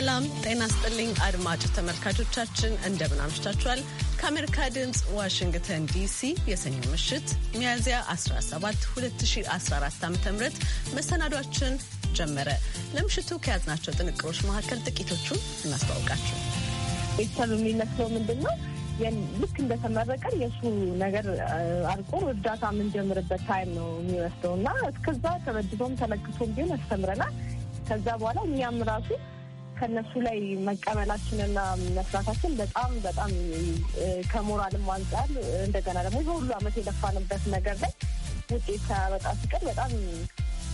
ሰላም ጤና ስጥልኝ አድማጭ ተመልካቾቻችን፣ እንደምን አምሽታችኋል። ከአሜሪካ ድምፅ ዋሽንግተን ዲሲ የሰኞ ምሽት ሚያዝያ 17 2014 ዓ ም መሰናዷችን ጀመረ። ለምሽቱ ከያዝናቸው ጥንቅሮች መካከል ጥቂቶቹን እናስተዋውቃችሁ። ቤተሰብ የሚመስለው ምንድን ነው? ልክ እንደተመረቀ የእሱ ነገር አርቆ እርዳታ የምንጀምርበት ታይም ነው የሚወስደው እና እስከዛ ተበድቶም ተለግቶም ቢሆን ያስተምረናል። ከዛ በኋላ እኛም ራሱ ከነሱ ላይ መቀበላችንና መስራታችን በጣም በጣም ከሞራልም አንጻር እንደገና ደግሞ በሁሉ አመት የለፋንበት ነገር ላይ ውጤት ሳያመጣ ሲቀር በጣም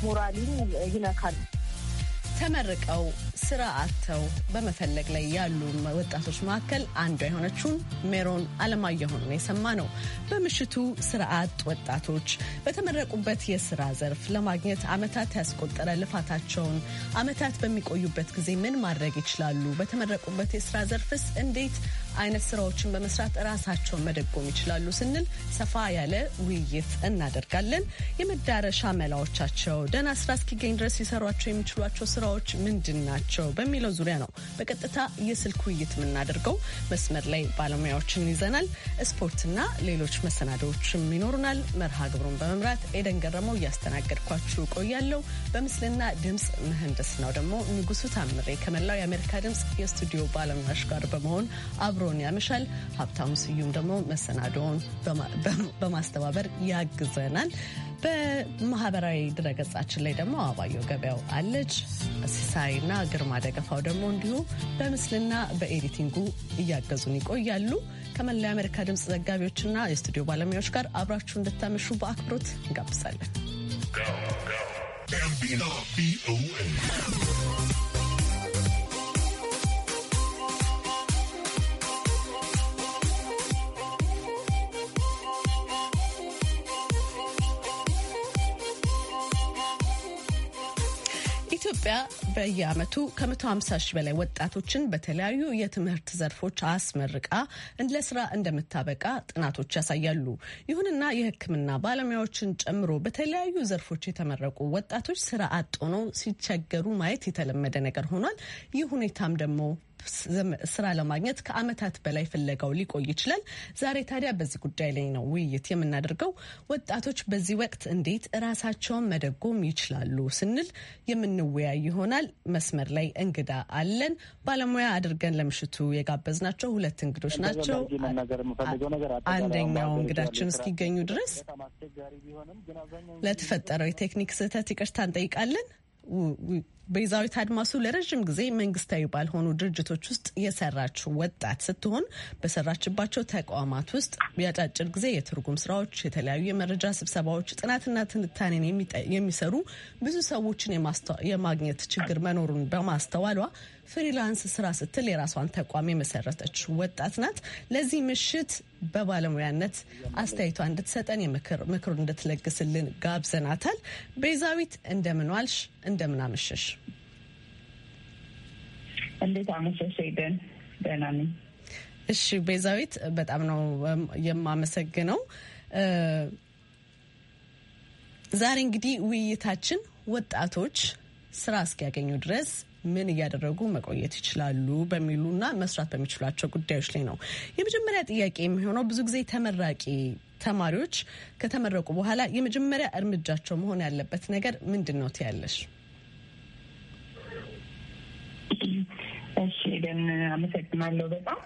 ሞራሊን ይነካል። ተመርቀው ስራ አጥተው በመፈለግ ላይ ያሉ ወጣቶች መካከል አንዷ የሆነችውን ሜሮን አለማየሁን የሰማ ነው። በምሽቱ ስራ አጥ ወጣቶች በተመረቁበት የስራ ዘርፍ ለማግኘት አመታት ያስቆጠረ ልፋታቸውን አመታት በሚቆዩበት ጊዜ ምን ማድረግ ይችላሉ? በተመረቁበት የስራ ዘርፍስ እንዴት አይነት ስራዎችን በመስራት ራሳቸውን መደጎም ይችላሉ ስንል ሰፋ ያለ ውይይት እናደርጋለን። የመዳረሻ መላዎቻቸው ደህና ስራ እስኪገኝ ድረስ ሊሰሯቸው የሚችሏቸው ስራዎች ምንድን ናቸው በሚለው ዙሪያ ነው በቀጥታ የስልክ ውይይት የምናደርገው። መስመር ላይ ባለሙያዎችን ይዘናል። ስፖርትና ሌሎች መሰናዶዎችም ይኖሩናል። መርሃ ግብሩን በመምራት ኤደን ገረመው እያስተናገድኳችሁ ቆያለሁ። በምስልና ድምፅ ነው ደግሞ ንጉሱ ታምሬ ከመላው የአሜሪካ ድምፅ የስቱዲዮ ባለሙያዎች ጋር በመሆን አብሮ አብሮን ያመሻል። ሀብታሙ ስዩም ደግሞ መሰናዶውን በማስተባበር ያግዘናል። በማህበራዊ ድረገጻችን ላይ ደግሞ አባየው ገበያው አለች። ሲሳይና ግርማ ደገፋው ደግሞ እንዲሁ በምስልና በኤዲቲንጉ እያገዙን ይቆያሉ። ከመላው የአሜሪካ ድምፅ ዘጋቢዎችና የስቱዲዮ ባለሙያዎች ጋር አብራችሁ እንድታመሹ በአክብሮት እንጋብዛለን። ኢትዮጵያ በየዓመቱ ከ150 ሺህ በላይ ወጣቶችን በተለያዩ የትምህርት ዘርፎች አስመርቃ ለስራ እንደምታበቃ ጥናቶች ያሳያሉ። ይሁንና የሕክምና ባለሙያዎችን ጨምሮ በተለያዩ ዘርፎች የተመረቁ ወጣቶች ስራ አጥ ሆነው ሲቸገሩ ማየት የተለመደ ነገር ሆኗል። ይህ ሁኔታም ደግሞ ስራ ለማግኘት ከአመታት በላይ ፍለጋው ሊቆይ ይችላል። ዛሬ ታዲያ በዚህ ጉዳይ ላይ ነው ውይይት የምናደርገው። ወጣቶች በዚህ ወቅት እንዴት እራሳቸውን መደጎም ይችላሉ ስንል የምንወያይ ይሆናል። መስመር ላይ እንግዳ አለን። ባለሙያ አድርገን ለምሽቱ የጋበዝናቸው ሁለት እንግዶች ናቸው። አንደኛው እንግዳችን እስኪገኙ ድረስ ለተፈጠረው የቴክኒክ ስህተት ይቅርታ እንጠይቃለን። ቤዛዊት አድማሱ ለረዥም ጊዜ መንግስታዊ ባልሆኑ ድርጅቶች ውስጥ የሰራች ወጣት ስትሆን በሰራችባቸው ተቋማት ውስጥ የአጫጭር ጊዜ የትርጉም ስራዎች፣ የተለያዩ የመረጃ ስብሰባዎች፣ ጥናትና ትንታኔን የሚሰሩ ብዙ ሰዎችን የማግኘት ችግር መኖሩን በማስተዋሏ ፍሪላንስ ስራ ስትል የራሷን ተቋም የመሰረተች ወጣት ናት። ለዚህ ምሽት በባለሙያነት አስተያየቷ እንድትሰጠን የምክሩን እንድትለግስልን ጋብዘናታል። ቤዛዊት እንደምን ዋልሽ? እንደምን አመሸሽ? እንዴት አመሸሽ? ደን ደህና ነኝ። እሺ ቤዛዊት፣ በጣም ነው የማመሰግነው። ዛሬ እንግዲህ ውይይታችን ወጣቶች ስራ እስኪያገኙ ድረስ ምን እያደረጉ መቆየት ይችላሉ በሚሉና መስራት በሚችሏቸው ጉዳዮች ላይ ነው። የመጀመሪያ ጥያቄ የሚሆነው ብዙ ጊዜ ተመራቂ ተማሪዎች ከተመረቁ በኋላ የመጀመሪያ እርምጃቸው መሆን ያለበት ነገር ምንድን ነው ትያለሽ? እሺ፣ አመሰግናለሁ በጣም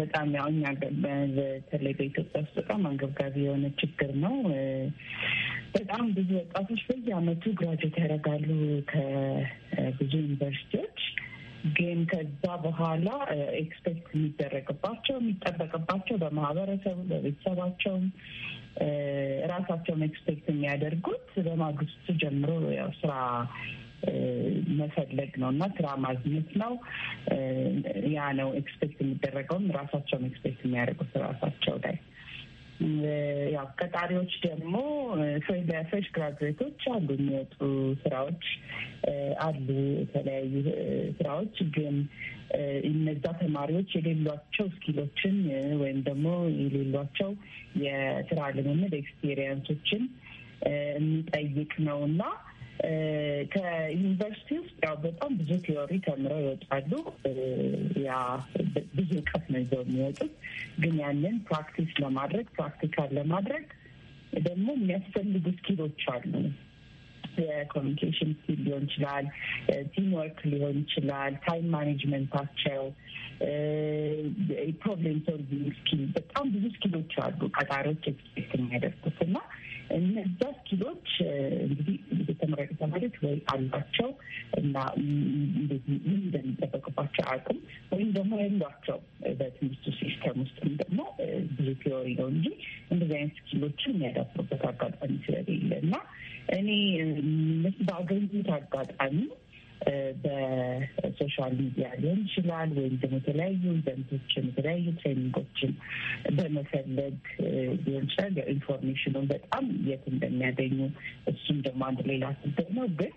በጣም ያው እኛ በተለይ በኢትዮጵያ ውስጥ በጣም አንገብጋቢ የሆነ ችግር ነው። በጣም ብዙ ወጣቶች በየአመቱ ግራጁዌት ያደርጋሉ ከብዙ ዩኒቨርሲቲዎች። ግን ከዛ በኋላ ኤክስፔክት የሚደረግባቸው የሚጠበቅባቸው በማህበረሰቡ በቤተሰባቸውም ራሳቸውን ኤክስፔክት የሚያደርጉት በማግስቱ ጀምሮ ያው ስራ መፈለግ ነው እና ስራ ማግኘት ነው። ያ ነው ኤክስፔክት የሚደረገውም ራሳቸውን ኤክስፔክት የሚያደርጉት ራሳቸው ላይ ያው ቀጣሪዎች ደግሞ በፍሬሽ ግራጁዌቶች አሉ፣ የሚወጡ ስራዎች አሉ፣ የተለያዩ ስራዎች ግን እነዛ ተማሪዎች የሌሏቸው ስኪሎችን ወይም ደግሞ የሌሏቸው የስራ ልምምድ ኤክስፔሪየንሶችን የሚጠይቅ ነው እና ከዩኒቨርሲቲ ውስጥ ያው በጣም ብዙ ቲዎሪ ተምረው ይወጣሉ። ያ ብዙ እውቀት ነው ይዘው የሚወጡት። ግን ያንን ፕራክቲስ ለማድረግ ፕራክቲካል ለማድረግ ደግሞ የሚያስፈልጉ ስኪሎች አሉ። የኮሚኒኬሽን ስኪል ሊሆን ይችላል፣ ቲም ወርክ ሊሆን ይችላል፣ ታይም ማኔጅመንታቸው፣ ፕሮብሌም ሶልቪንግ ስኪል፣ በጣም ብዙ ስኪሎች አሉ ቀጣሪዎች ኤክስፔክት የሚያደርጉት እና እነዛ ስኪሎች እንግዲህ የተመረጡ ተማሪዎች ወይ አሏቸው እና እንደዚህ ምን እንደሚጠበቅባቸው አቅም ወይም ደግሞ ያሏቸው በትምህርቱ ሲስተም ውስጥም ደግሞ ብዙ ቴዎሪ ነው እንጂ እንደዚህ አይነት ስኪሎችን የሚያዳብሩበት አጋጣሚ ስለሌለ እና እኔ በአገኙት አጋጣሚ በሶሻል ሚዲያ ሊሆን ይችላል ወይም ደግሞ የተለያዩ ኢቨንቶችን የተለያዩ ትሬኒንጎችን በመፈለግ ሊሆን ይችላል። ኢንፎርሜሽኑን በጣም የት እንደሚያገኙ እሱም ደግሞ አንድ ሌላ ስደት ነው። ግን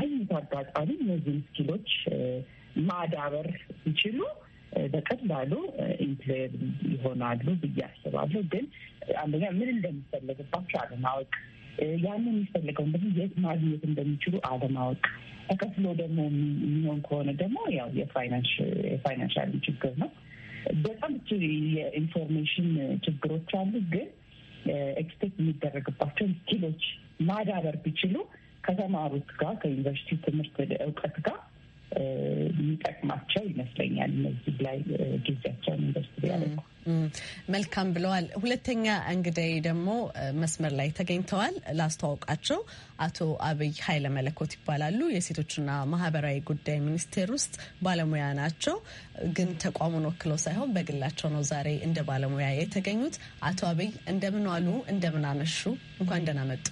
አይነት አጋጣሚ እነዚህን ስኪሎች ማዳበር ይችሉ በቀላሉ ኢምፕሎየር ይሆናሉ ብዬ አስባለሁ። ግን አንደኛ ምን እንደሚፈለግባቸው አለማወቅ ያንን የሚፈልገውን እንግዲህ የት ማግኘት እንደሚችሉ አለማወቅ ተከፍሎ ደግሞ የሚሆን ከሆነ ደግሞ ያው የፋይናንሻል ችግር ነው። በጣም ብዙ የኢንፎርሜሽን ችግሮች አሉ። ግን ኤክስፔክት የሚደረግባቸውን ስኪሎች ማዳበር ቢችሉ ከተማሩት ጋር ከዩኒቨርሲቲ ትምህርት እውቀት ጋር የሚጠቅማቸው ይመስለኛል። እነዚህ ላይ ጊዜያቸውን ኢንቨስት ያደርጉ መልካም ብለዋል። ሁለተኛ እንግዳይ ደግሞ መስመር ላይ ተገኝተዋል። ላስተዋውቃቸው አቶ አብይ ኃይለ መለኮት ይባላሉ። የሴቶችና ማህበራዊ ጉዳይ ሚኒስቴር ውስጥ ባለሙያ ናቸው። ግን ተቋሙን ወክለው ሳይሆን በግላቸው ነው ዛሬ እንደ ባለሙያ የተገኙት። አቶ አብይ እንደምን ዋሉ? እንደምን አመሹ? እንኳን ደህና መጡ።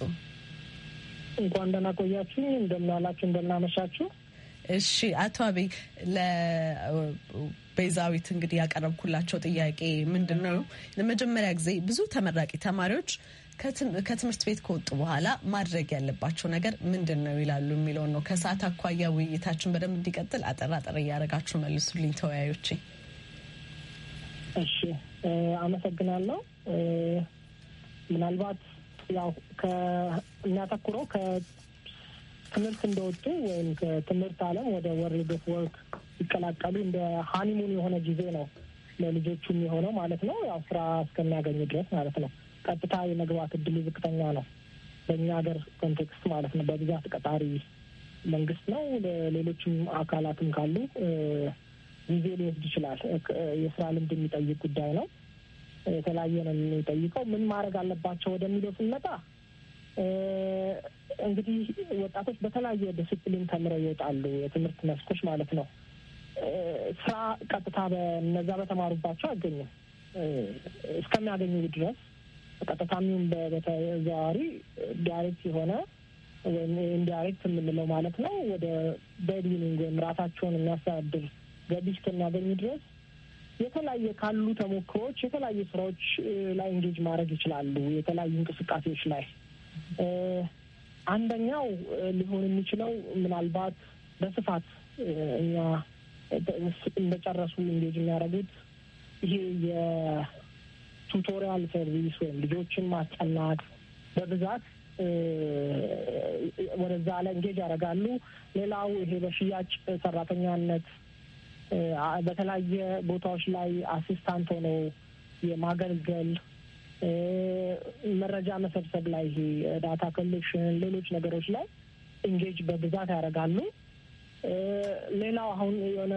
እንኳን ደህና ቆያችሁ። እንደምን ዋላችሁ? እንደምን አመሻችሁ? እሺ አቶ አብይ ቤዛዊት እንግዲህ ያቀረብኩላቸው ጥያቄ ምንድን ነው? ለመጀመሪያ ጊዜ ብዙ ተመራቂ ተማሪዎች ከትምህርት ቤት ከወጡ በኋላ ማድረግ ያለባቸው ነገር ምንድን ነው ይላሉ የሚለውን ነው። ከሰዓት አኳያ ውይይታችን በደንብ እንዲቀጥል አጠር አጠር እያደረጋችሁ መልሱልኝ ተወያዮች። እሺ፣ አመሰግናለሁ። ምናልባት ያው የሚያተኩረው ከትምህርት እንደወጡ ወይም ከትምህርት ዓለም ወደ ወርልድ ኦፍ ወርክ ሲቀላቀሉ እንደ ሀኒሙን የሆነ ጊዜ ነው ለልጆቹ የሚሆነው ማለት ነው። ያው ስራ እስከሚያገኙ ድረስ ማለት ነው። ቀጥታ የመግባት እድሉ ዝቅተኛ ነው በእኛ ሀገር ኮንቴክስት ማለት ነው። በብዛት ቀጣሪ መንግስት ነው። ለሌሎችም አካላትም ካሉ ጊዜ ሊወስድ ይችላል። የስራ ልምድ የሚጠይቅ ጉዳይ ነው። የተለያየ ነው የሚጠይቀው። ምን ማድረግ አለባቸው ወደሚለው ስንመጣ እንግዲህ ወጣቶች በተለያየ ዲስፕሊን ተምረው ይወጣሉ። የትምህርት መስኮች ማለት ነው። ስራ ቀጥታ በነዛ በተማሩባቸው አይገኝም። እስከሚያገኙ ድረስ ቀጥታ የሚሆን በተዘዋዋሪ ዳይሬክት የሆነ ወይም ኢንዳይሬክት የምንለው ማለት ነው ወደ በርኒንግ ወይም ራሳቸውን የሚያስተዳድር ገቢ እስከሚያገኙ ድረስ የተለያየ ካሉ ተሞክሮዎች የተለያየ ስራዎች ላይ እንጌጅ ማድረግ ይችላሉ። የተለያዩ እንቅስቃሴዎች ላይ አንደኛው ሊሆን የሚችለው ምናልባት በስፋት እኛ እንደጨረሱ እንጌጅ የሚያደርጉት ይሄ የቱቶሪያል ሰርቪስ ወይም ልጆችን ማስጠናት በብዛት ወደዛ አለ እንጌጅ ያደርጋሉ። ሌላው ይሄ በሽያጭ ሰራተኛነት በተለያየ ቦታዎች ላይ አሲስታንት ሆኖ የማገልገል መረጃ መሰብሰብ ላይ ይሄ ዳታ ኮሌክሽን፣ ሌሎች ነገሮች ላይ እንጌጅ በብዛት ያደርጋሉ። ሌላው አሁን የሆነ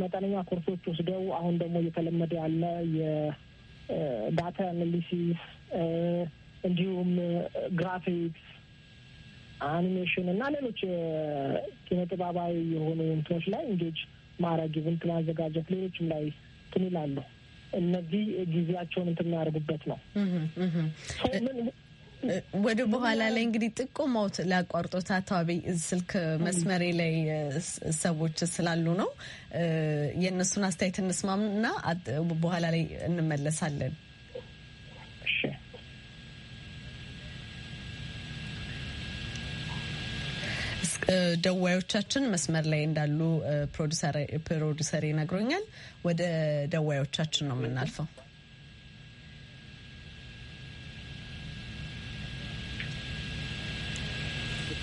መጠነኛ ኮርሶች ወስደው አሁን ደግሞ እየተለመደ ያለ የዳታ አናሊሲስ እንዲሁም ግራፊክስ፣ አኒሜሽን እና ሌሎች ኪነጥበባዊ የሆኑ እንትኖች ላይ እንጌጅ ማድረግ ኢቨንት ማዘጋጀት ሌሎችም ላይ እንትን ይላሉ። እነዚህ ጊዜያቸውን እንትን የሚያደርጉበት ነው። ወደ በኋላ ላይ እንግዲህ ጥቁመውት ላቋርጦት አካባቢ ስልክ መስመሬ ላይ ሰዎች ስላሉ ነው። የእነሱን አስተያየት እንስማምና በኋላ ላይ እንመለሳለን። ደዋዮቻችን መስመር ላይ እንዳሉ ፕሮዲሰር ይነግሮኛል። ወደ ደዋዮቻችን ነው የምናልፈው።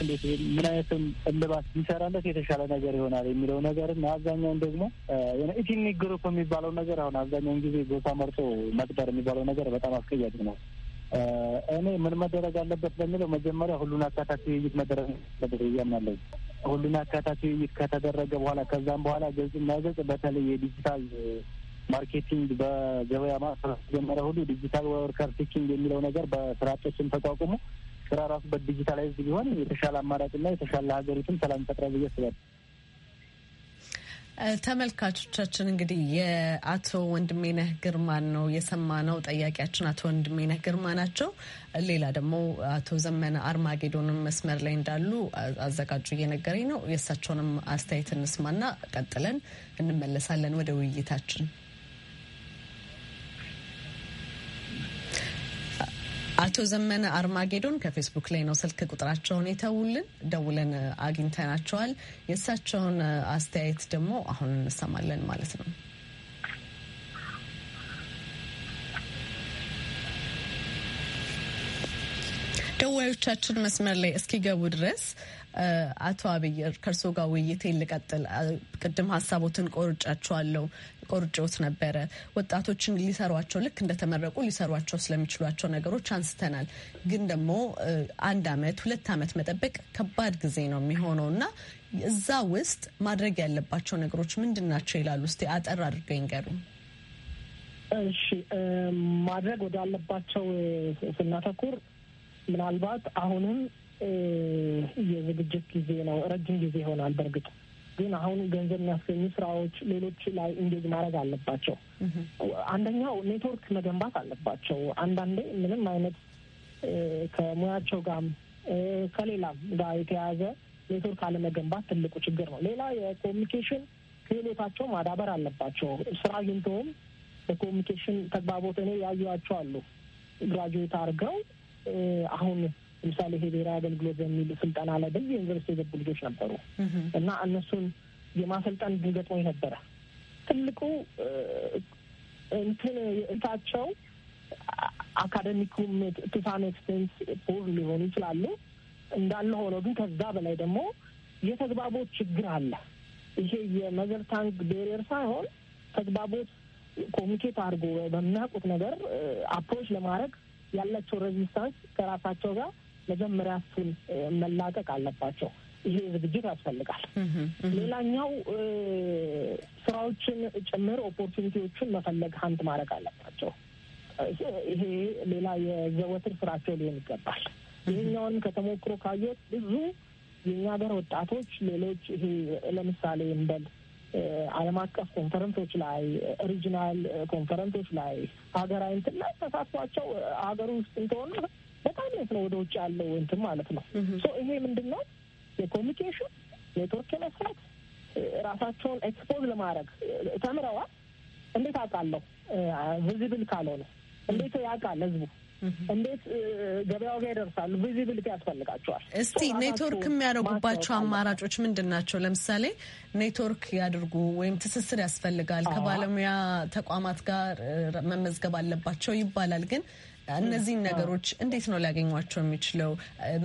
እንዴት ምን አይነት እልባት ቢሰራለት የተሻለ ነገር ይሆናል የሚለው ነገር እና አብዛኛውን ደግሞ ኢቲኒ ግሩፕ የሚባለው ነገር አሁን አብዛኛውን ጊዜ ቦታ መርጦ መቅደር የሚባለው ነገር በጣም አስቀያሚ ነው። እኔ ምን መደረግ አለበት በሚለው መጀመሪያ ሁሉን አካታች ውይይት መደረግ አለበት ብዬ አምናለሁ። ሁሉን አካታች ውይይት ከተደረገ በኋላ ከዛም በኋላ ገጽና ገጽ በተለይ የዲጂታል ማርኬቲንግ በገበያ ማስራ ጀመረ ሁሉ ዲጂታል ወርከር ቲችንግ የሚለው ነገር በስራ አጦችን ተቋቁሞ ስራ ራሱ በዲጂታላይዝ ቢሆን የተሻለ አማራጭና የተሻለ ሀገሪቱን ሰላም ይፈጥራል ብዬ አስባለሁ። ተመልካቾቻችን እንግዲህ የአቶ ወንድሜነህ ግርማን ነው የሰማነው። ጠያቂያችን አቶ ወንድሜነህ ግርማ ናቸው። ሌላ ደግሞ አቶ ዘመነ አርማጌዶንም መስመር ላይ እንዳሉ አዘጋጁ እየነገረኝ ነው። የእሳቸውንም አስተያየት እንስማና ቀጥለን እንመለሳለን ወደ ውይይታችን። አቶ ዘመነ አርማጌዶን ከፌስቡክ ላይ ነው ስልክ ቁጥራቸውን የተውልን። ደውለን አግኝተናቸዋል። የእሳቸውን አስተያየት ደግሞ አሁን እንሰማለን ማለት ነው። ደዋዮቻችን መስመር ላይ እስኪገቡ ድረስ አቶ አብይ ከእርስዎ ጋር ውይይት ልቀጥል። ቅድም ሀሳቦትን ቆርጫቸዋለሁ ቆርጬዎት ነበረ። ወጣቶችን ሊሰሯቸው ልክ እንደተመረቁ ሊሰሯቸው ስለሚችሏቸው ነገሮች አንስተናል። ግን ደግሞ አንድ አመት ሁለት አመት መጠበቅ ከባድ ጊዜ ነው የሚሆነው እና እዛ ውስጥ ማድረግ ያለባቸው ነገሮች ምንድን ናቸው ይላሉ። እስቲ አጠር አድርገው ይንገሩ እሺ፣ ማድረግ ወዳለባቸው ስናተኩር ምናልባት አሁንም የዝግጅት ጊዜ ነው። ረጅም ጊዜ ይሆናል። በእርግጥ ግን አሁን ገንዘብ የሚያስገኙ ስራዎች ሌሎች ላይ እንጌጅ ማድረግ አለባቸው። አንደኛው ኔትወርክ መገንባት አለባቸው። አንዳንዴ ምንም አይነት ከሙያቸው ጋር ከሌላም ጋር የተያያዘ ኔትወርክ አለመገንባት ትልቁ ችግር ነው። ሌላ የኮሚኒኬሽን ክህሎታቸው ማዳበር አለባቸው። ስራ አግኝተውም በኮሚኒኬሽን ተግባቦት እኔ ያዩዋቸው አሉ ግራጁዌት አድርገው አሁን ለምሳሌ ይሄ ብሔራዊ አገልግሎት በሚል ስልጠና ላይ በዚህ ዩኒቨርሲቲ የገቡ ልጆች ነበሩ እና እነሱን የማሰልጠን ድንገጥሞ ነበረ። ትልቁ እንትን እንታቸው አካደሚኩም ቱሳን ኤክስፔንስ ፖር ሊሆኑ ይችላሉ። እንዳለ ሆኖ ግን ከዛ በላይ ደግሞ የተግባቦት ችግር አለ። ይሄ የመዘር ታንክ ቤሪየር ሳይሆን ተግባቦት ኮሚኒኬት አድርጎ በሚያውቁት ነገር አፕሮች ለማድረግ ያላቸው ሬዚስታንስ ከራሳቸው ጋር መጀመሪያ እሱን መላቀቅ አለባቸው። ይሄ ዝግጅት ያስፈልጋል። ሌላኛው ስራዎችን ጭምር ኦፖርቹኒቲዎችን መፈለግ ሀንት ማድረግ አለባቸው። ይሄ ሌላ የዘወትር ስራቸው ሊሆን ይገባል። ይህኛውንም ከተሞክሮ ካየት ብዙ የእኛ ሀገር ወጣቶች ሌሎች ይሄ ለምሳሌ እንበል ዓለም አቀፍ ኮንፈረንሶች ላይ ሪጂናል ኮንፈረንሶች ላይ ሀገራዊ እንትን ላይ ተሳትፏቸው ሀገር ውስጥ እንደሆነ በጣም ነው ነው ወደ ውጭ ያለው እንትን ማለት ነው። ሶ ይሄ ምንድን ነው የኮሚኒኬሽን ኔትወርክ የመስራት ራሳቸውን ኤክስፖዝ ለማድረግ ተምረዋል። እንዴት አውቃለሁ? ቪዚብል ካልሆነ እንዴት ያውቃል ህዝቡ? እንዴት ገበያው ጋር ይደርሳሉ? ቪዚቢሊቲ ያስፈልጋቸዋል። እስቲ ኔትወርክ የሚያደርጉባቸው አማራጮች ምንድን ናቸው? ለምሳሌ ኔትወርክ ያድርጉ ወይም ትስስር ያስፈልጋል፣ ከባለሙያ ተቋማት ጋር መመዝገብ አለባቸው ይባላል። ግን እነዚህን ነገሮች እንዴት ነው ሊያገኟቸው የሚችለው?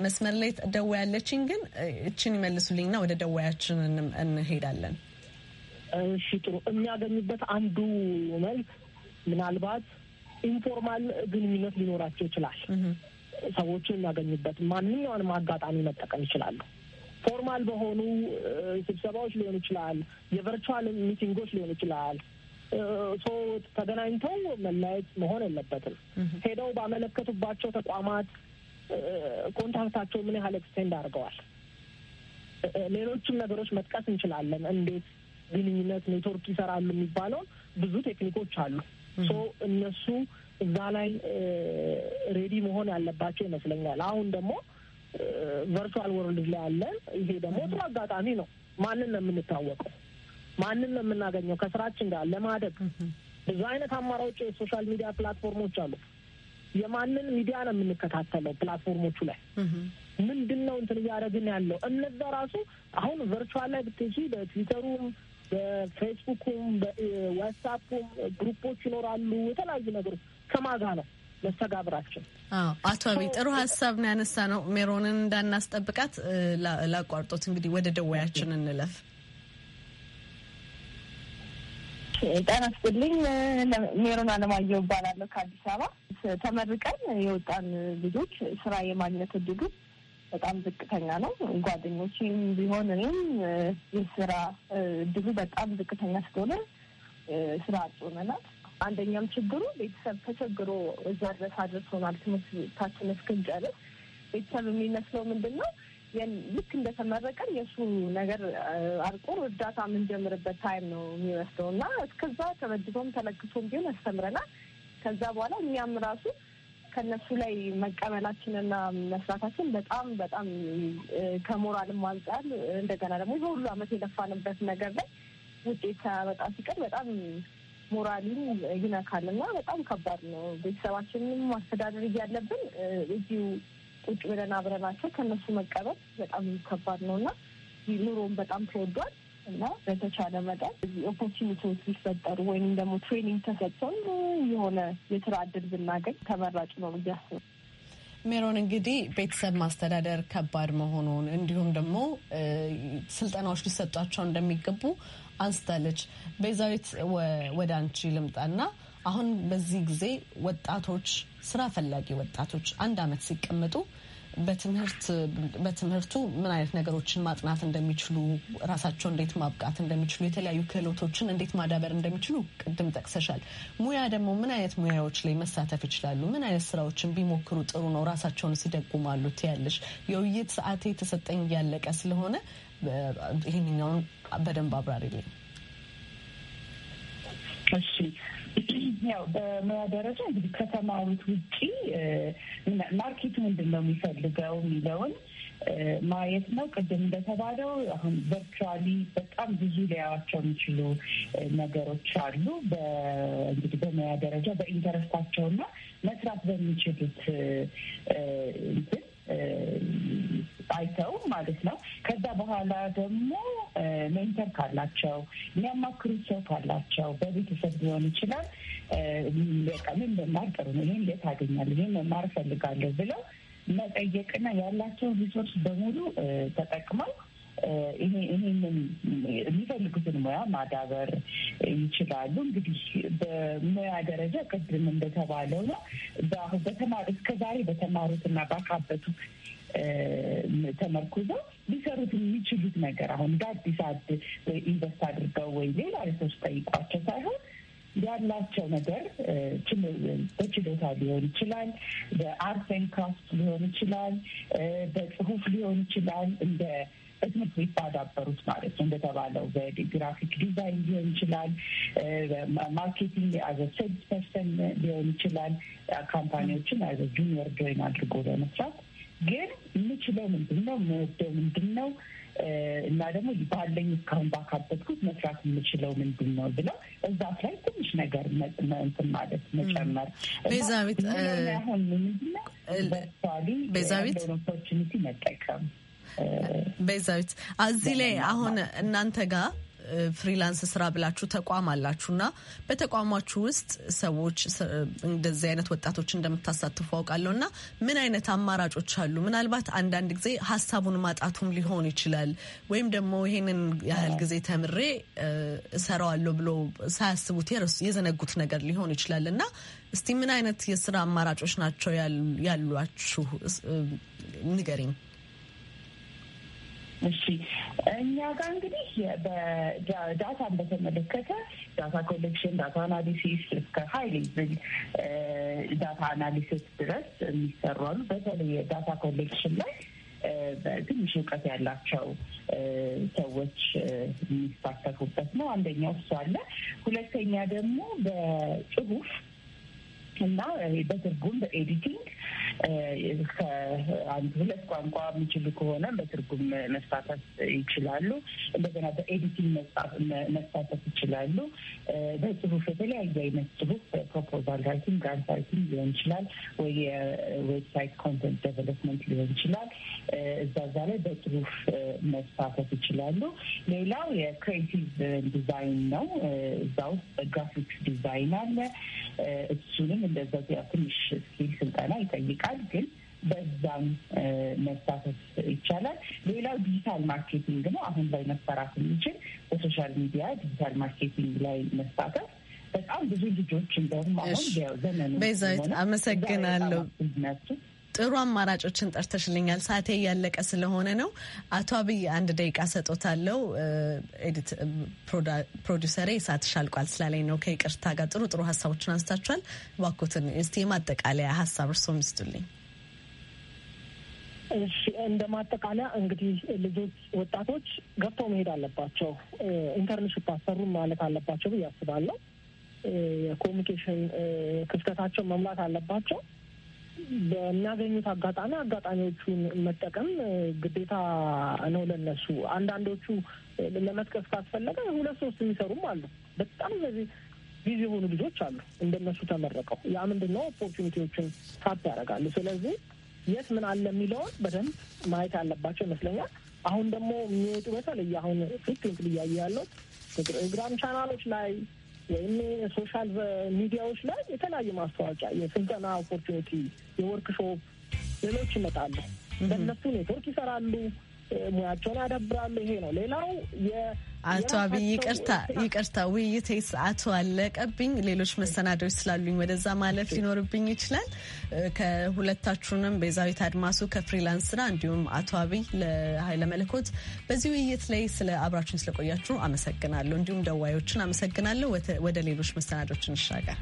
መስመር ላይ ደዋ ያለችኝ ግን እችን ይመልሱልኝና ወደ ደዋያችን እንሄዳለን። እሺ ጥሩ። የሚያገኙበት አንዱ መልክ ምናልባት ኢንፎርማል ግንኙነት ሊኖራቸው ይችላል። ሰዎቹ የሚያገኙበት ማንኛውንም አጋጣሚ መጠቀም ይችላሉ። ፎርማል በሆኑ ስብሰባዎች ሊሆን ይችላል፣ የቨርቹዋል ሚቲንጎች ሊሆን ይችላል፣ ሰዎች ተገናኝተው መለያየት መሆን የለበትም። ሄደው ባመለከቱባቸው ተቋማት ኮንታክታቸው ምን ያህል ኤክስቴንድ አድርገዋል። ሌሎችም ነገሮች መጥቀስ እንችላለን። እንዴት ግንኙነት ኔትወርክ ይሰራሉ የሚባለውን ብዙ ቴክኒኮች አሉ። ሶ እነሱ እዛ ላይ ሬዲ መሆን ያለባቸው ይመስለኛል። አሁን ደግሞ ቨርቹዋል ወርልድ ላይ ያለን፣ ይሄ ደግሞ ጥሩ አጋጣሚ ነው። ማንን ነው የምንታወቀው? ማንን ነው የምናገኘው? ከስራችን ጋር ለማደግ ብዙ አይነት አማራጮች የሶሻል ሚዲያ ፕላትፎርሞች አሉ። የማንን ሚዲያ ነው የምንከታተለው? ፕላትፎርሞቹ ላይ ምንድን ነው እንትን እያደረግን ያለው? እነዛ ራሱ አሁን ቨርቹዋል ላይ ብትሄጂ በትዊተሩም፣ በፌስቡኩም፣ በዋትሳፑም ግሩፖች ይኖራሉ። የተለያዩ ነገሮች ከማጋ ነው መስተጋብራችን አቶ አብይ ጥሩ ሀሳብ ነው ያነሳ ነው። ሜሮንን እንዳናስጠብቃት ላቋርጦት እንግዲህ ወደ ደወያችን እንለፍ። ጤና ይስጥልኝ። ሜሮን አለማየሁ እባላለሁ ከአዲስ አበባ። ተመርቀን የወጣን ልጆች ስራ የማግኘት እድሉ በጣም ዝቅተኛ ነው። ጓደኞችም ቢሆን እኔም የስራ እድሉ በጣም ዝቅተኛ ስለሆነ ስራ አጥቶናል። አንደኛም ችግሩ ቤተሰብ ተቸግሮ እዛ ድረስ አድርሶናል። ትምህርታችን እስክንጨርስ ቤተሰብ የሚመስለው ምንድን ነው ልክ እንደተመረቀን የእሱ ነገር አርቆ እርዳታ የምንጀምርበት ታይም ነው የሚወስደው እና እስከዛ ተበድቶም ተለግሶም ቢሆን ያስተምረናል። ከዛ በኋላ እኛም ራሱ ከነሱ ላይ መቀበላችንና መስራታችን በጣም በጣም ከሞራልም አንጻር እንደገና ደግሞ የሁሉ አመት የለፋንበት ነገር ላይ ውጤት ሳያመጣ ሲቀር በጣም ሞራሊም ይነካል እና በጣም ከባድ ነው። ቤተሰባችንም ማስተዳደር እያለብን እዚሁ ቁጭ ብለን አብረናቸው ከእነሱ መቀበል በጣም ከባድ ነው እና ኑሮውን በጣም ተወዷል እና በተቻለ መጠን እዚህ ኦፖርቹኒቲዎች ቢፈጠሩ ወይም ደግሞ ትሬኒንግ ተሰጥቶን የሆነ የስራ እድል ብናገኝ ተመራጭ ነው ብዬ ሜሮን እንግዲህ ቤተሰብ ማስተዳደር ከባድ መሆኑን እንዲሁም ደግሞ ስልጠናዎች ሊሰጧቸው እንደሚገቡ አንስታለች። ቤዛዊት ወደ አንቺ ልምጣና አሁን በዚህ ጊዜ ወጣቶች ስራ ፈላጊ ወጣቶች አንድ አመት ሲቀመጡ በትምህርቱ ምን አይነት ነገሮችን ማጥናት እንደሚችሉ ራሳቸው እንዴት ማብቃት እንደሚችሉ የተለያዩ ክህሎቶችን እንዴት ማዳበር እንደሚችሉ ቅድም ጠቅሰሻል። ሙያ ደግሞ ምን አይነት ሙያዎች ላይ መሳተፍ ይችላሉ? ምን አይነት ስራዎችን ቢሞክሩ ጥሩ ነው? ራሳቸውን ሲደጉማሉ ትያለሽ። የውይይት ሰዓቴ የተሰጠኝ እያለቀ ስለሆነ ይህንኛውን በደንብ አብራሪ። እሺ ያው በሙያ ደረጃ እንግዲህ ከተማዊት ውጪ ማርኬቱ ምንድን ነው የሚፈልገው የሚለውን ማየት ነው። ቅድም እንደተባለው አሁን ቨርቹዋሊ በጣም ብዙ ሊያዋቸው የሚችሉ ነገሮች አሉ። እንግዲህ በሙያ ደረጃ በኢንተረስታቸውና መስራት በሚችሉት እንትን አይተው ማለት ነው። ከዛ በኋላ ደግሞ ሜንተር ካላቸው የሚያማክሩ ሰው ካላቸው በቤተሰብ ሊሆን ይችላል። በቃ ምን መማር ጥሩ ነው፣ ይህን እንዴት አገኛለሁ፣ ይህን መማር እፈልጋለሁ ብለው መጠየቅና ያላቸውን ሪሶርስ በሙሉ ተጠቅመው ይሄንን የሚፈልጉትን ሙያ ማዳበር ይችላሉ። እንግዲህ በሙያ ደረጃ ቅድም እንደተባለው ነው። በተማሩ እስከዛሬ በተማሩት እና ባካበቱት ተመርኩዘው ሊሰሩት የሚችሉት ነገር አሁን እንደ አዲስ አድ ወይ ኢንቨስት አድርገው ወይ ሌላ ሪሶርስ ጠይቋቸው ሳይሆን ያላቸው ነገር በችሎታ ሊሆን ይችላል፣ በአርት ኤንድ ክራፍት ሊሆን ይችላል፣ በጽሁፍ ሊሆን ይችላል እንደ በትምህርት ቤት ባዳበሩት ማለት ነው። እንደተባለው በግራፊክ ዲዛይን ሊሆን ይችላል፣ ማርኬቲንግ አዘ ሴልስ ፐርሰን ሊሆን ይችላል። ካምፓኒዎችን አዘ ጁኒየር ጆይን አድርጎ በመስራት ግን የምችለው ምንድን ነው የምወደው ምንድን ነው እና ደግሞ ባለኝ እስካሁን ባካበትኩት መስራት የምችለው ምንድን ነው ብለው እዛት ላይ ትንሽ ነገር እንትን ማለት መጨመር ቤዛቤት ሁን ምንድነው ነው ቨርቹዋሊ ኦፖርቹኒቲ መጠቀም ቤዛዊት እዚህ ላይ አሁን እናንተ ጋር ፍሪላንስ ስራ ብላችሁ ተቋም አላችሁና በተቋማችሁ ውስጥ ሰዎች እንደዚህ አይነት ወጣቶች እንደምታሳትፉ አውቃለሁ እና ምን አይነት አማራጮች አሉ? ምናልባት አንዳንድ ጊዜ ሀሳቡን ማጣቱም ሊሆን ይችላል። ወይም ደግሞ ይሄንን ያህል ጊዜ ተምሬ እሰራዋለሁ ብሎ ሳያስቡት የዘነጉት ነገር ሊሆን ይችላል እና እስቲ ምን አይነት የስራ አማራጮች ናቸው ያሏችሁ ንገሪኝ። እሺ እኛ ጋር እንግዲህ ዳታን በተመለከተ ዳታ ኮሌክሽን፣ ዳታ አናሊሲስ እስከ ሀይል ዳታ አናሊሲስ ድረስ የሚሰራሉ። በተለይ ዳታ ኮሌክሽን ላይ ትንሽ እውቀት ያላቸው ሰዎች የሚሳተፉበት ነው። አንደኛው እሱ አለ። ሁለተኛ ደግሞ በጽሁፍ እና በትርጉም በኤዲቲንግ ከአንድ ሁለት ቋንቋ የሚችሉ ከሆነ በትርጉም መሳተፍ ይችላሉ። እንደገና በኤዲቲንግ መሳተፍ ይችላሉ። በጽሁፍ የተለያዩ አይነት ጽሁፍ ፕሮፖዛል ራይቲንግ፣ ግራንት ራይቲንግ ሊሆን ይችላል ወይ የዌብሳይት ኮንተንት ዴቨሎፕመንት ሊሆን ይችላል። እዛ እዛ ላይ በጽሁፍ መሳተፍ ይችላሉ። ሌላው የክሬቲቭ ዲዛይን ነው። እዛ ውስጥ ግራፊክስ ዲዛይን አለ። እሱንም እንደዛው ያው ትንሽ እስኪ ስልጠና ይጠይቃል ግን በዛም መሳተፍ ይቻላል። ሌላው ዲጂታል ማርኬቲንግ ነው። አሁን ላይ መሰራት የሚችል በሶሻል ሚዲያ ዲጂታል ማርኬቲንግ ላይ መሳተፍ በጣም ብዙ ልጆች እንደውም አሁን ዘመኑ አመሰግናለሁ። ጥሩ አማራጮችን ጠርተሽልኛል። ሰዓቴ እያለቀ ስለሆነ ነው። አቶ አብይ አንድ ደቂቃ ሰጦታለው። ኤዲት ፕሮዲሰሬ ሰዓትሽ አልቋል ስላለኝ ነው። ከይቅርታ ጋር ጥሩ ጥሩ ሀሳቦችን አንስታችኋል። እባክዎትን እስቲ የማጠቃለያ ሀሳብ እርሶ ሚስጡልኝ እሺ እንደ ማጠቃለያ እንግዲህ ልጆች፣ ወጣቶች ገብተው መሄድ አለባቸው። ኢንተርንሽፕ አሰሩን ማለት አለባቸው ብዬ አስባለሁ። የኮሚኒኬሽን ክፍተታቸው መሙላት አለባቸው። በሚያገኙት አጋጣሚ አጋጣሚዎቹን መጠቀም ግዴታ ነው ለነሱ። አንዳንዶቹ ለመጥቀስ ካስፈለገ ሁለት ሶስት የሚሰሩም አሉ። በጣም እነዚህ ቢዚ የሆኑ ልጆች አሉ እንደነሱ ተመረቀው። ያ ምንድን ነው ኦፖርቹኒቲዎችን ታፕ ያደርጋሉ። ስለዚህ የት ምን አለ የሚለውን በደንብ ማየት ያለባቸው ይመስለኛል። አሁን ደግሞ የሚወጡ በተለይ አሁን ፊት ንክል እያየ ያለው ቴሌግራም ቻናሎች ላይ ወይም ሶሻል ሚዲያዎች ላይ የተለያዩ ማስታወቂያ፣ የስልጠና ኦፖርቹኒቲ፣ የወርክሾፕ ሌሎች ይመጣሉ። በእነሱ ኔትወርክ ይሰራሉ። ሙያቸውን ያዳብራሉ። ይሄ ነው። ሌላው የ አቶ አብይ ይቅርታ ይቅርታ፣ ውይይት ሰዓቱ አለቀብኝ። ሌሎች መሰናዶች ስላሉኝ ወደዛ ማለፍ ሊኖርብኝ ይችላል። ከሁለታችሁንም ቤዛዊት አድማሱ ከፍሪላንስ ስራ እንዲሁም አቶ አብይ ለሀይለ መለኮት በዚህ ውይይት ላይ ስለ አብራችሁን ስለቆያችሁ አመሰግናለሁ። እንዲሁም ደዋዮችን አመሰግናለሁ። ወደ ሌሎች መሰናዶች እንሻገር።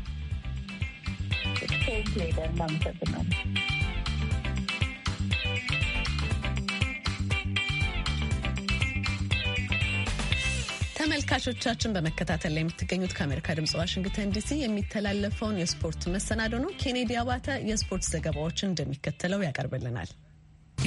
ተመልካቾቻችን በመከታተል ላይ የምትገኙት ከአሜሪካ ድምጽ ዋሽንግተን ዲሲ የሚተላለፈውን የስፖርት መሰናዶ ነው። ኬኔዲ አባተ የስፖርት ዘገባዎችን እንደሚከተለው ያቀርብልናል።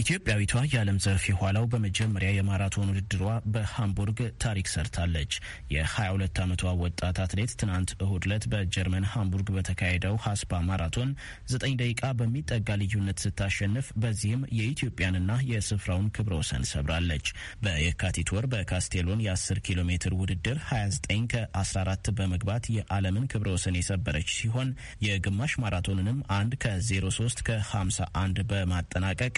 ኢትዮጵያዊቷ የዓለም ዘርፍ የኋላው በመጀመሪያ የማራቶን ውድድሯ በሃምቡርግ ታሪክ ሰርታለች። የ22 ዓመቷ ወጣት አትሌት ትናንት እሁድ ዕለት በጀርመን ሃምቡርግ በተካሄደው ሀስፓ ማራቶን 9 ደቂቃ በሚጠጋ ልዩነት ስታሸንፍ፣ በዚህም የኢትዮጵያንና የስፍራውን ክብረ ወሰን ሰብራለች። በየካቲት ወር በካስቴሎን የ10 ኪሎ ሜትር ውድድር 29 ከ14 በመግባት የዓለምን ክብረ ወሰን የሰበረች ሲሆን የግማሽ ማራቶንንም 1 ከ03 ከ51 በማጠናቀቅ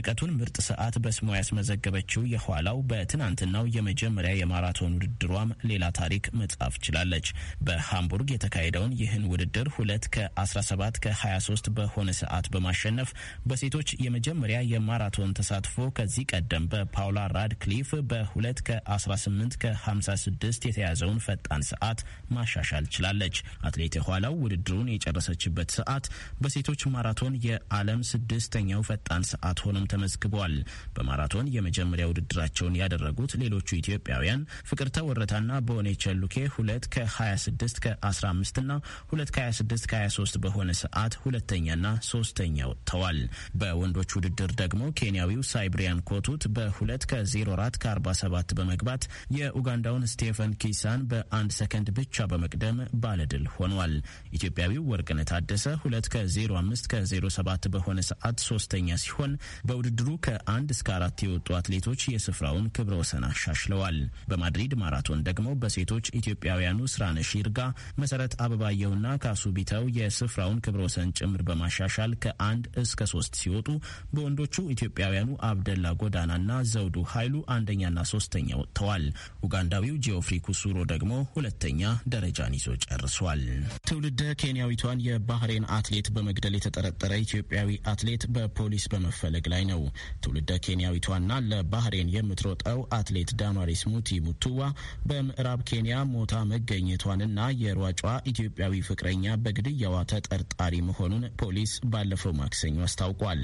የርቀቱን ምርጥ ሰዓት በስሟ ያስመዘገበችው የኋላው በትናንትናው የመጀመሪያ የማራቶን ውድድሯም ሌላ ታሪክ መጻፍ ችላለች። በሃምቡርግ የተካሄደውን ይህን ውድድር ሁለት ከ17 ከ23 በሆነ ሰዓት በማሸነፍ በሴቶች የመጀመሪያ የማራቶን ተሳትፎ ከዚህ ቀደም በፓውላ ራድክሊፍ በ2 ከ18 ከ56 የተያዘውን ፈጣን ሰዓት ማሻሻል ችላለች። አትሌት የኋላው ውድድሩን የጨረሰችበት ሰዓት በሴቶች ማራቶን የዓለም ስድስተኛው ፈጣን ሰዓት ሆኖ ስምም ተመዝግበዋል። በማራቶን የመጀመሪያ ውድድራቸውን ያደረጉት ሌሎቹ ኢትዮጵያውያን ፍቅርተ ወረታና በሆኔቸ ሉኬ ሁለት ከ26 ከ15 ና ሁለት ከ26 ከ23 በሆነ ሰዓት ሁለተኛና ሶስተኛ ወጥተዋል። በወንዶች ውድድር ደግሞ ኬንያዊው ሳይብሪያን ኮቱት በ2 ከ04 ከ47 በመግባት የኡጋንዳውን ስቴፈን ኪሳን በአንድ ሰከንድ ብቻ በመቅደም ባለድል ሆኗል። ኢትዮጵያዊው ወርቅነ ታደሰ 2 ከ05 ከ07 በሆነ ሰዓት ሶስተኛ ሲሆን በውድድሩ ከአንድ እስከ አራት የወጡ አትሌቶች የስፍራውን ክብረ ወሰን አሻሽለዋል። በማድሪድ ማራቶን ደግሞ በሴቶች ኢትዮጵያውያኑ ስራነሽ ይርጋ፣ መሰረት አበባየውና ካሱ ቢተው የስፍራውን ክብረ ወሰን ጭምር በማሻሻል ከአንድ እስከ ሶስት ሲወጡ፣ በወንዶቹ ኢትዮጵያውያኑ አብደላ ጎዳናና ዘውዱ ኃይሉ አንደኛና ሶስተኛ ወጥተዋል። ኡጋንዳዊው ጂኦፍሪ ኩሱሮ ደግሞ ሁለተኛ ደረጃን ይዞ ጨርሷል። ትውልደ ኬንያዊቷን የባህሬን አትሌት በመግደል የተጠረጠረ ኢትዮጵያዊ አትሌት በፖሊስ በመፈለግ ላይ ጉዳይ ነው። ትውልደ ኬንያዊቷና ለባህሬን የምትሮጠው አትሌት ዳማሪስ ሙቲ ሙቱዋ በምዕራብ ኬንያ ሞታ መገኘቷንና የሯጯ ኢትዮጵያዊ ፍቅረኛ በግድያዋ ተጠርጣሪ መሆኑን ፖሊስ ባለፈው ማክሰኞ አስታውቋል።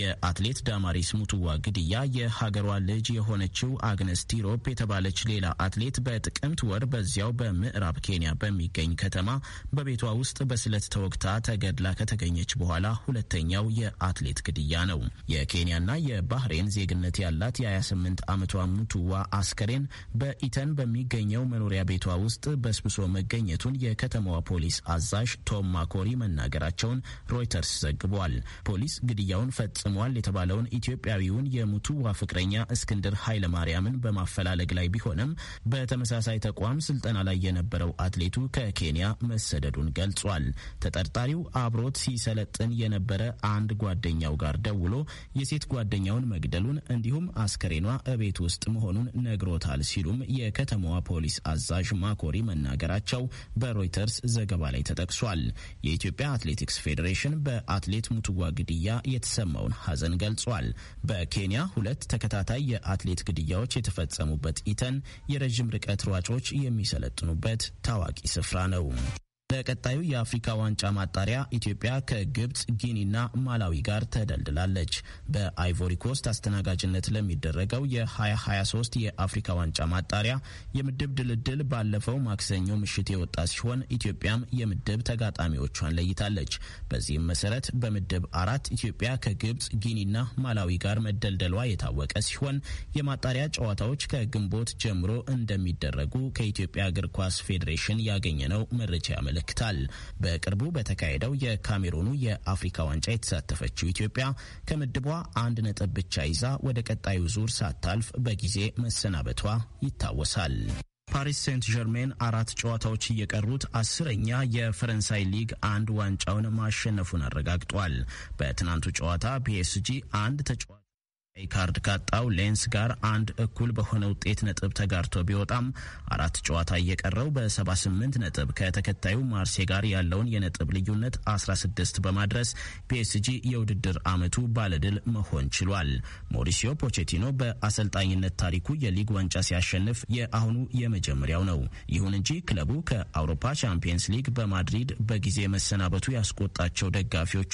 የአትሌት ዳማሪስ ሙቱዋ ግድያ የሀገሯ ልጅ የሆነችው አግነስ ቲሮፕ የተባለች ሌላ አትሌት በጥቅምት ወር በዚያው በምዕራብ ኬንያ በሚገኝ ከተማ በቤቷ ውስጥ በስለት ተወግታ ተገድላ ከተገኘች በኋላ ሁለተኛው የአትሌት ግድያ ነው። የኬንያና የባህሬን ዜግነት ያላት የ28 ዓመቷ ሙቱዋ አስከሬን በኢተን በሚገኘው መኖሪያ ቤቷ ውስጥ በስብሶ መገኘቱን የከተማዋ ፖሊስ አዛዥ ቶም ማኮሪ መናገራቸውን ሮይተርስ ዘግቧል። ፖሊስ ግድያውን ፈጽሟል የተባለውን ኢትዮጵያዊውን የሙቱዋ ፍቅረኛ እስክንድር ማርያምን በማፈላለግ ላይ ቢሆንም በተመሳሳይ ተቋም ስልጠና ላይ የነበረው አትሌቱ ከኬንያ መሰደዱን ገልጿል። ተጠርጣሪው አብሮት ሲሰለጥን የነበረ አንድ ጓደኛው ጋር ደውሎ የሴት ጓደኛውን መግደሉን እንዲሁም አስከሬኗ እቤት ውስጥ መሆኑን ነግሮታል ሲሉም የከተማዋ ፖሊስ አዛዥ ማኮሪ መናገራቸው በሮይተርስ ዘገባ ላይ ተጠቅሷል። የኢትዮጵያ አትሌቲክስ ፌዴሬሽን በአትሌት ሙትዋ ግድያ የተሰማውን ሐዘን ገልጿል። በኬንያ ሁለት ተከታታይ የአትሌት ግድያዎች የተፈጸሙበት ኢተን የረዥም ርቀት ሯጮች የሚሰለጥኑበት ታዋቂ ስፍራ ነው። በቀጣዩ የአፍሪካ ዋንጫ ማጣሪያ ኢትዮጵያ ከግብፅ፣ ጊኒና ማላዊ ጋር ተደልድላለች። በአይቮሪ ኮስት አስተናጋጅነት ለሚደረገው የ2023 የአፍሪካ ዋንጫ ማጣሪያ የምድብ ድልድል ባለፈው ማክሰኞ ምሽት የወጣ ሲሆን ኢትዮጵያም የምድብ ተጋጣሚዎቿን ለይታለች። በዚህም መሰረት በምድብ አራት ኢትዮጵያ ከግብፅ፣ ጊኒና ማላዊ ጋር መደልደሏ የታወቀ ሲሆን የማጣሪያ ጨዋታዎች ከግንቦት ጀምሮ እንደሚደረጉ ከኢትዮጵያ እግር ኳስ ፌዴሬሽን ያገኘነው መረጃ ያመለ ያመለክታል። በቅርቡ በተካሄደው የካሜሩኑ የአፍሪካ ዋንጫ የተሳተፈችው ኢትዮጵያ ከምድቧ አንድ ነጥብ ብቻ ይዛ ወደ ቀጣዩ ዙር ሳታልፍ በጊዜ መሰናበቷ ይታወሳል። ፓሪስ ሴንት ጀርሜን አራት ጨዋታዎች እየቀሩት አስረኛ የፈረንሳይ ሊግ አንድ ዋንጫውን ማሸነፉን አረጋግጧል። በትናንቱ ጨዋታ ፒኤስጂ አንድ ተጫዋ ቀይ ካርድ ካጣው ሌንስ ጋር አንድ እኩል በሆነ ውጤት ነጥብ ተጋርቶ ቢወጣም አራት ጨዋታ እየቀረው በ78 ነጥብ ከተከታዩ ማርሴ ጋር ያለውን የነጥብ ልዩነት 16 በማድረስ ፒኤስጂ የውድድር ዓመቱ ባለድል መሆን ችሏል። ሞሪሲዮ ፖቼቲኖ በአሰልጣኝነት ታሪኩ የሊግ ዋንጫ ሲያሸንፍ የአሁኑ የመጀመሪያው ነው። ይሁን እንጂ ክለቡ ከአውሮፓ ቻምፒየንስ ሊግ በማድሪድ በጊዜ መሰናበቱ ያስቆጣቸው ደጋፊዎቹ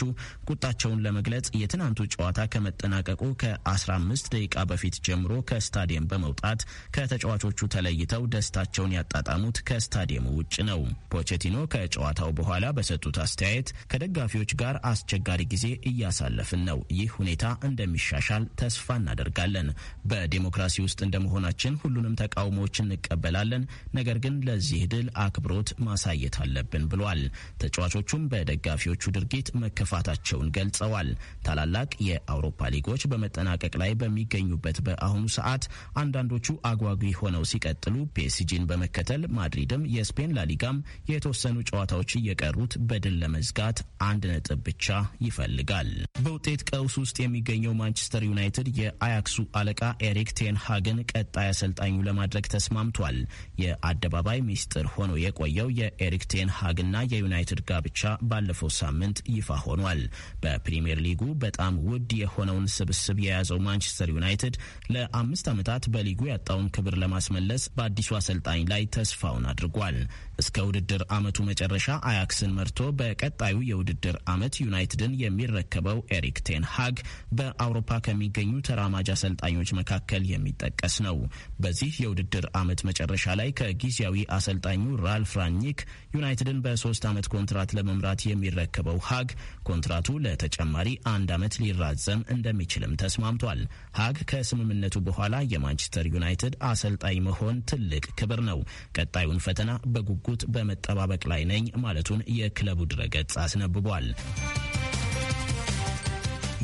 ቁጣቸውን ለመግለጽ የትናንቱ ጨዋታ ከመጠናቀቁ ከ 15 ደቂቃ በፊት ጀምሮ ከስታዲየም በመውጣት ከተጫዋቾቹ ተለይተው ደስታቸውን ያጣጣሙት ከስታዲየሙ ውጭ ነው። ፖቼቲኖ ከጨዋታው በኋላ በሰጡት አስተያየት ከደጋፊዎች ጋር አስቸጋሪ ጊዜ እያሳለፍን ነው። ይህ ሁኔታ እንደሚሻሻል ተስፋ እናደርጋለን። በዲሞክራሲ ውስጥ እንደመሆናችን ሁሉንም ተቃውሞዎች እንቀበላለን። ነገር ግን ለዚህ ድል አክብሮት ማሳየት አለብን ብሏል። ተጫዋቾቹም በደጋፊዎቹ ድርጊት መከፋታቸውን ገልጸዋል። ታላላቅ የአውሮፓ ሊጎች በመጠናቀ በመጠናቀቅ ላይ በሚገኙበት በአሁኑ ሰዓት አንዳንዶቹ አጓጊ ሆነው ሲቀጥሉ ፔሲጂን በመከተል ማድሪድም የስፔን ላሊጋም የተወሰኑ ጨዋታዎች እየቀሩት በድል ለመዝጋት አንድ ነጥብ ብቻ ይፈልጋል። በውጤት ቀውስ ውስጥ የሚገኘው ማንቸስተር ዩናይትድ የአያክሱ አለቃ ኤሪክ ቴንሃግን ቀጣይ አሰልጣኙ ለማድረግ ተስማምቷል። የአደባባይ ሚስጥር ሆኖ የቆየው የኤሪክ ቴንሃግና የዩናይትድ ጋብቻ ባለፈው ሳምንት ይፋ ሆኗል። በፕሪምየር ሊጉ በጣም ውድ የሆነውን ስብስብ የያዘ የገለጸው ማንቸስተር ዩናይትድ ለአምስት ዓመታት በሊጉ ያጣውን ክብር ለማስመለስ በአዲሱ አሰልጣኝ ላይ ተስፋውን አድርጓል። እስከ ውድድር ዓመቱ መጨረሻ አያክስን መርቶ በቀጣዩ የውድድር ዓመት ዩናይትድን የሚረከበው ኤሪክ ቴን ሃግ በአውሮፓ ከሚገኙ ተራማጅ አሰልጣኞች መካከል የሚጠቀስ ነው። በዚህ የውድድር ዓመት መጨረሻ ላይ ከጊዜያዊ አሰልጣኙ ራልፍ ራኒክ ዩናይትድን በሶስት ዓመት ኮንትራት ለመምራት የሚረከበው ሃግ ኮንትራቱ ለተጨማሪ አንድ ዓመት ሊራዘም እንደሚችልም ተስማምቷል። ተሰምቷል። ሀግ ከስምምነቱ በኋላ የማንቸስተር ዩናይትድ አሰልጣኝ መሆን ትልቅ ክብር ነው። ቀጣዩን ፈተና በጉጉት በመጠባበቅ ላይ ነኝ ማለቱን የክለቡ ድረገጽ አስነብቧል።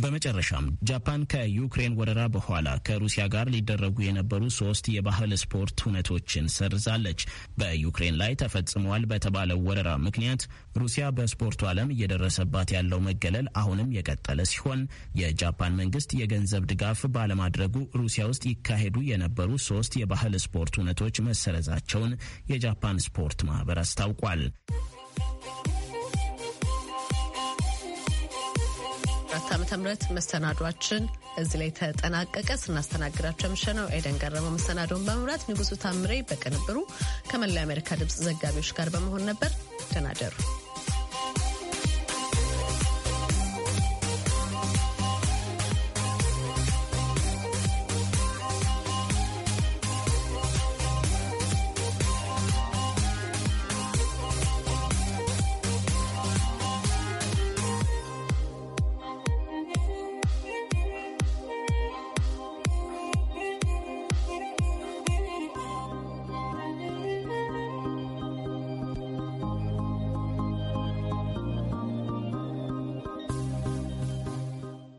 በመጨረሻም ጃፓን ከዩክሬን ወረራ በኋላ ከሩሲያ ጋር ሊደረጉ የነበሩ ሶስት የባህል ስፖርት ሁነቶችን ሰርዛለች። በዩክሬን ላይ ተፈጽሟል በተባለው ወረራ ምክንያት ሩሲያ በስፖርቱ ዓለም እየደረሰባት ያለው መገለል አሁንም የቀጠለ ሲሆን የጃፓን መንግስት የገንዘብ ድጋፍ ባለማድረጉ ሩሲያ ውስጥ ይካሄዱ የነበሩ ሶስት የባህል ስፖርት እውነቶች መሰረዛቸውን የጃፓን ስፖርት ማህበር አስታውቋል። ዓ.ም መሰናዷችን እዚህ ላይ ተጠናቀቀ። ስናስተናግዳቸው ምሸነው ኤደን ገረመው መሰናዶውን በመምራት ንጉሱ ታምሬ በቅንብሩ ከመላው የአሜሪካ ድምፅ ዘጋቢዎች ጋር በመሆን ነበር። ደህና ደሩ።